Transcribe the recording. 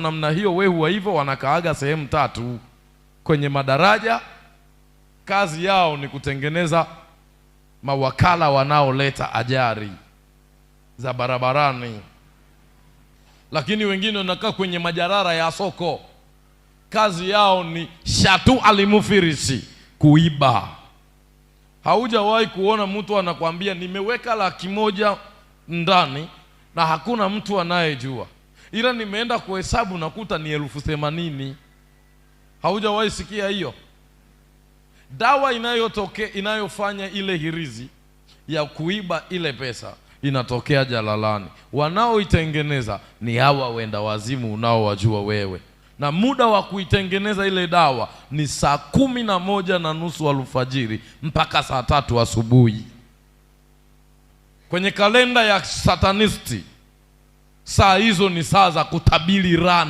namna hiyo wehu wa hivyo wanakaaga sehemu tatu kwenye madaraja. Kazi yao ni kutengeneza mawakala wanaoleta ajali za barabarani, lakini wengine wanakaa kwenye majarara ya soko. Kazi yao ni shatu alimufirisi, kuiba. Haujawahi kuona mtu anakwambia nimeweka laki moja ndani na hakuna mtu anayejua ila nimeenda kuhesabu nakuta ni elfu themanini. Haujawahi sikia hiyo dawa inayotoke, inayofanya ile hirizi ya kuiba ile pesa inatokea jalalani. Wanaoitengeneza ni hawa wenda wazimu unaowajua wewe, na muda wa kuitengeneza ile dawa ni saa kumi na moja na nusu alfajiri mpaka saa tatu asubuhi kwenye kalenda ya satanisti saa hizo ni saa za kutabiri rana.